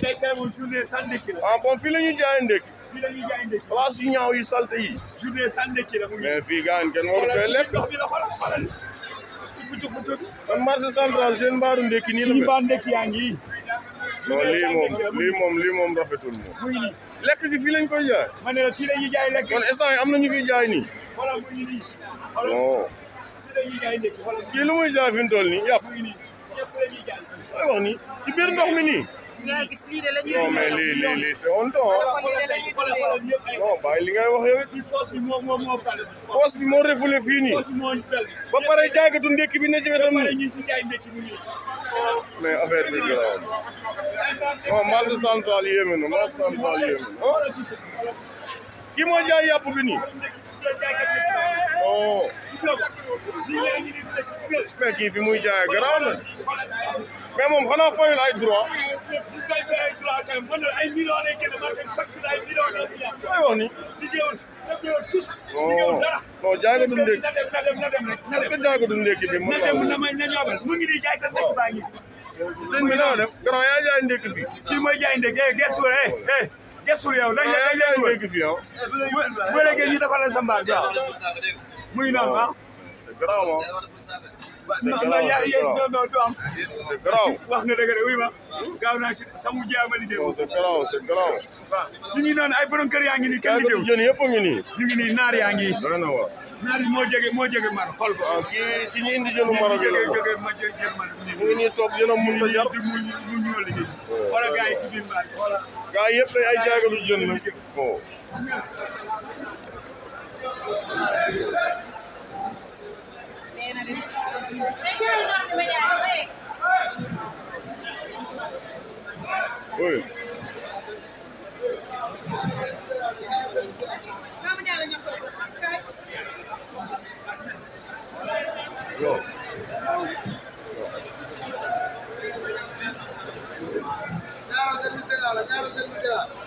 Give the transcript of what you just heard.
tey kay moom journée la. ah bon fii la ñuy jaayee ndékki. fii yu ñaaw yi salte yi. journée sans ndékki la. mais fii gaañ kenn waru fee lekk. xoolal la xoolal xoolal. man marché central seen mbaaru nii la. fii mbaaru ndékki yaa lii moom lii moom rafetul moom. lekk gi fii lañ koy jaay. ma ne la fii la ñuy am na ñu fiy jaay nii. xoolal muy nii. non. fii la ñuy jaay ndékki xoolal. muy jaay fi nii yàpp. muy nii yàpp ni ci biir ndox mi nii nga gis lii de lii lii lii c'est honte non bàyyi li ngay wax yow it force bi moo moo ba pare jaagatu ndékki bi ne ci wetam nii mais affaire bi garaaw non marché central yéeme na marché central yéeme na oh. kii moo jaay yàpp bi nii oh mais kii fi muy jaay garaaw na moom xanaa fayul ay droit. bu koy fay ay droit kay man jaay ko na dem na dem na dem rek. na dem est-ce jaay ko na may na ñoobal mu ngi nii jaay ko ndekki baa ngi. sëñ bi na jaay ndekki fii. kii mooy jaay ndekki eh gestu eh gesul yow dañ lay dañ lay dégg fi yow. bu bu ñu defal la sa mbaal waaw muy noonu ah. non non yaa non non du am. c'est wax nga dëgg de wuy ma gaaw naa ci samu jaama liggéey moom. c'est grave c'est grave. waaw ñu ngi noonu ay borom yaa ngi ni kenn liggéey. jën yëpp a ngi nii. ñu ngi nii naar yaa ngi. moo jege moo jege mar xol ko. waaw ah, ci ñi indi jënu maro bi la ko. mu ngi nii toog mu ngi jar. mu ngi mu ngi ñoo liggéey. wala gars yi ci biir mbaar wala. gars yi yëpp ay jaagatu jën la. bon. Oi. Go. Go.